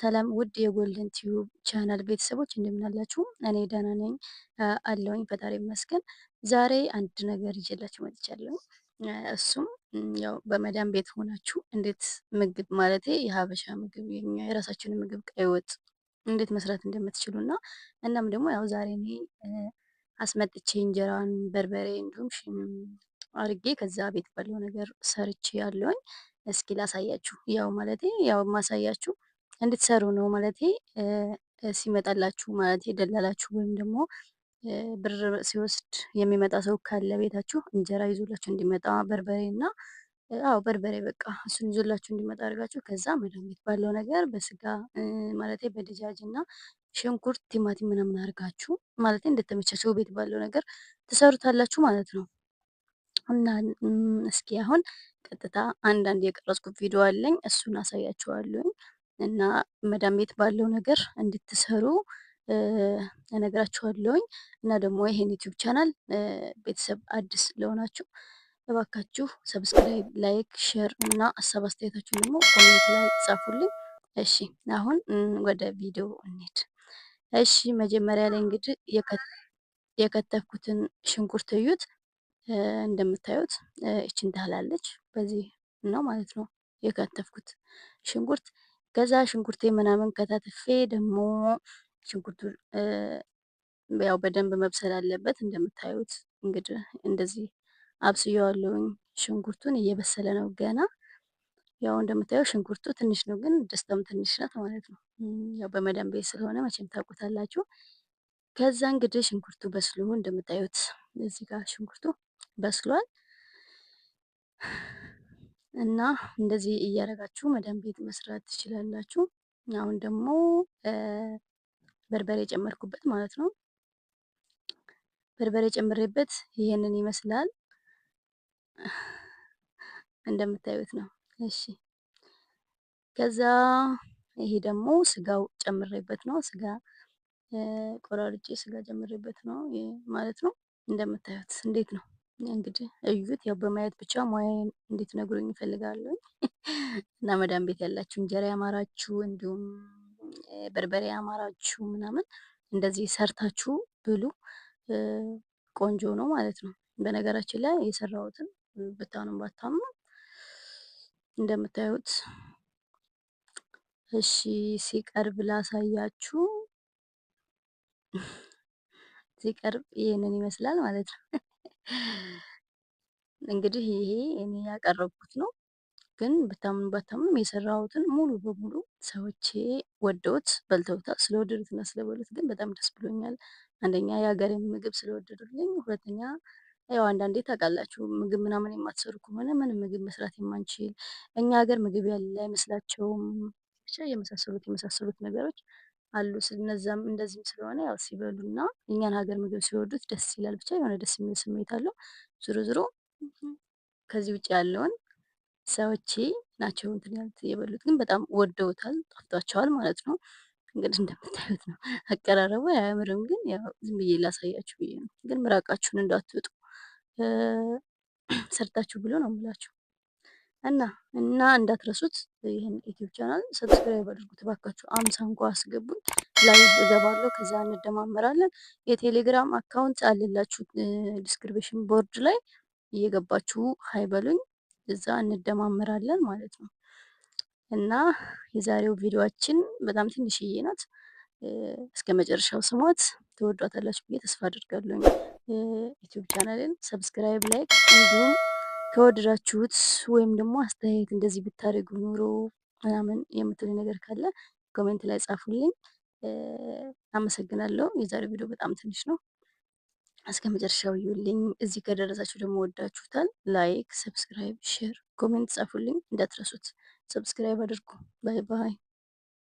ሰላም ውድ የጎልደን ቲዩብ ቻናል ቤተሰቦች እንደምን አላችሁ? እኔ ደህና ነኝ አለውኝ ፈጣሪ ይመስገን። ዛሬ አንድ ነገር ይዤላችሁ መጥቻለሁ። እሱም ያው በመዳም ቤት ሆናችሁ እንዴት ምግብ ማለት የሀበሻ ምግብ የኛ የራሳችንን ምግብ ቀይ ወጥ እንዴት መስራት እንደምትችሉ እና እናም ደግሞ ያው ዛሬ እኔ አስመጥቼ እንጀራን በርበሬ እንዲሁም አርጌ ከዛ ቤት ባለው ነገር ሰርቼ አለውኝ። እስኪ ላሳያችሁ። ያው ማለት ያው ማሳያችሁ እንድትሰሩ ነው ማለት ሲመጣላችሁ ማለት ደላላችሁ ወይም ደግሞ ብር ሲወስድ የሚመጣ ሰው ካለ ቤታችሁ እንጀራ ይዞላችሁ እንዲመጣ በርበሬ እና አዎ በርበሬ በቃ እሱን ይዞላችሁ እንዲመጣ አድርጋችሁ ከዛ መድኃኒት ቤት ባለው ነገር በስጋ ማለት በድጃጅ እና ሽንኩርት፣ ቲማቲም ምናምን አድርጋችሁ ማለት እንደተመቻቸው ቤት ባለው ነገር ትሰሩታላችሁ ማለት ነው። እና እስኪ አሁን ቀጥታ አንዳንድ የቀረጽኩት ቪዲዮ አለኝ እሱን አሳያችኋለሁኝ። እና መዳም ቤት ባለው ነገር እንድትሰሩ እነግራችኋለሁኝ። እና ደግሞ ይሄን ዩቲዩብ ቻናል ቤተሰብ አዲስ ለሆናችሁ እባካችሁ ሰብስክራይብ፣ ላይክ፣ ሼር እና ሀሳብ አስተያየታችሁን ደግሞ ኮሜንት ላይ ጻፉልኝ። እሺ አሁን ወደ ቪዲዮ እንሂድ። እሺ መጀመሪያ ላይ እንግዲህ የከተፍኩትን ሽንኩርት እዩት። እንደምታዩት እችን ታህላለች። በዚህ ነው ማለት ነው የከተፍኩት ሽንኩርት ከዛ ሽንኩርቴ ምናምን ከታትፌ ደግሞ ሽንኩርቱ ያው በደንብ መብሰል አለበት። እንደምታዩት እንግዲህ እንደዚህ አብስየዋለሁኝ። ሽንኩርቱን እየበሰለ ነው ገና። ያው እንደምታየው ሽንኩርቱ ትንሽ ነው፣ ግን ደስታም ትንሽ ናት ማለት ነው። ያው በመዳም ቤት ስለሆነ መቼም ታውቁታላችሁ። ከዛ እንግዲህ ሽንኩርቱ በስሎ እንደምታዩት እዚህ ጋር ሽንኩርቱ በስሏል። እና እንደዚህ እያደረጋችሁ መዳም ቤት መስራት ትችላላችሁ። አሁን ደግሞ በርበሬ ጨመርኩበት ማለት ነው። በርበሬ ጨምሬበት ይሄንን ይመስላል እንደምታዩት ነው። እሺ ከዛ ይሄ ደግሞ ስጋው ጨምሬበት ነው። ስጋ ቆራርጬ ስጋ ጨምሬበት ነው ማለት ነው። እንደምታዩት እንዴት ነው እንግዲህ እዩት። ያው በማየት ብቻ ሙያዬን ነግሩኝ ይፈልጋሉ እና መዳም ቤት ያላችሁ እንጀራ ያማራችሁ፣ እንዲሁም በርበሬ ያማራችሁ ምናምን እንደዚህ ሰርታችሁ ብሉ። ቆንጆ ነው ማለት ነው። በነገራችን ላይ የሰራሁትን ብታምኑም ባታምኑም እንደምታዩት እሺ፣ ሲቀርብ ላሳያችሁ። ሲቀርብ ይህንን ይመስላል ማለት ነው። እንግዲህ ይሄ እኔ ያቀረብኩት ነው። ግን ብታምኑ ባታምኑም የሰራሁትን ሙሉ በሙሉ ሰዎቼ ወደውት በልተውታል። ስለወደዱትና ስለበሉት ግን በጣም ደስ ብሎኛል። አንደኛ የሀገሬን ምግብ ስለወደዱልኝ፣ ሁለተኛ ያው አንዳንዴ ታውቃላችሁ ምግብ ምናምን የማትሰሩ ከሆነ ምንም ምግብ መስራት የማንችል እኛ ሀገር ምግብ ያለ አይመስላቸውም። ብቻ የመሳሰሉት የመሳሰሉት ነገሮች አሉ። እነዛም እንደዚህም ስለሆነ ያው እና እኛን ሀገር ምግብ ሲወዱት ደስ ይላል። ብቻ የሆነ ደስ የሚል ስሜት አለው። ዞሮ ዞሮ ከዚህ ውጭ ያለውን ሰዎቼ ናቸው እንትን ያሉት የበሉት፣ ግን በጣም ወደውታል፣ ጣፍቷቸዋል ማለት ነው። እንግዲህ እንደምታዩት ነው አቀራረቡ አያምርም፣ ግን ያው ዝም ብዬ ላሳያችሁ ብዬ ነው። ግን ምራቃችሁን እንዳትወጡ ሰርታችሁ ብሎ ነው የምላችሁ። እና እና እንዳትረሱት ይህን ዩቲዩብ ቻናል ሰብስክራይብ አድርጉት ባካችሁ። አምሳ እንኳ አስገቡኝ። ላይቭ እገባለሁ፣ ከዛ እንደማመራለን። የቴሌግራም አካውንት አለላችሁ ዲስክሪፕሽን ቦርድ ላይ እየገባችሁ ሀይበሉኝ እዛ እንደማመራለን ማለት ነው። እና የዛሬው ቪዲዮአችን በጣም ትንሽዬ ናት። እስከ መጨረሻው ስሟት ትወዷታላችሁ ብዬ ተስፋ አድርጋለሁ። ዩቲዩብ ቻናልን ሰብስክራይብ፣ ላይክ እንዲሁም ከወደዳችሁት ወይም ደግሞ አስተያየት እንደዚህ ብታደርጉ ኖሮ ምናምን የምትሉ ነገር ካለ ኮሜንት ላይ ጻፉልኝ። አመሰግናለሁ። የዛሬው ቪዲዮ በጣም ትንሽ ነው። እስከ መጨረሻው ይዩልኝ። እዚህ ከደረሳችሁ ደግሞ ወዳችሁታል፣ ላይክ፣ ሰብስክራይብ፣ ሼር፣ ኮሜንት ጻፉልኝ። እንዳትረሱት። ሰብስክራይብ አድርጉ። ባይ ባይ።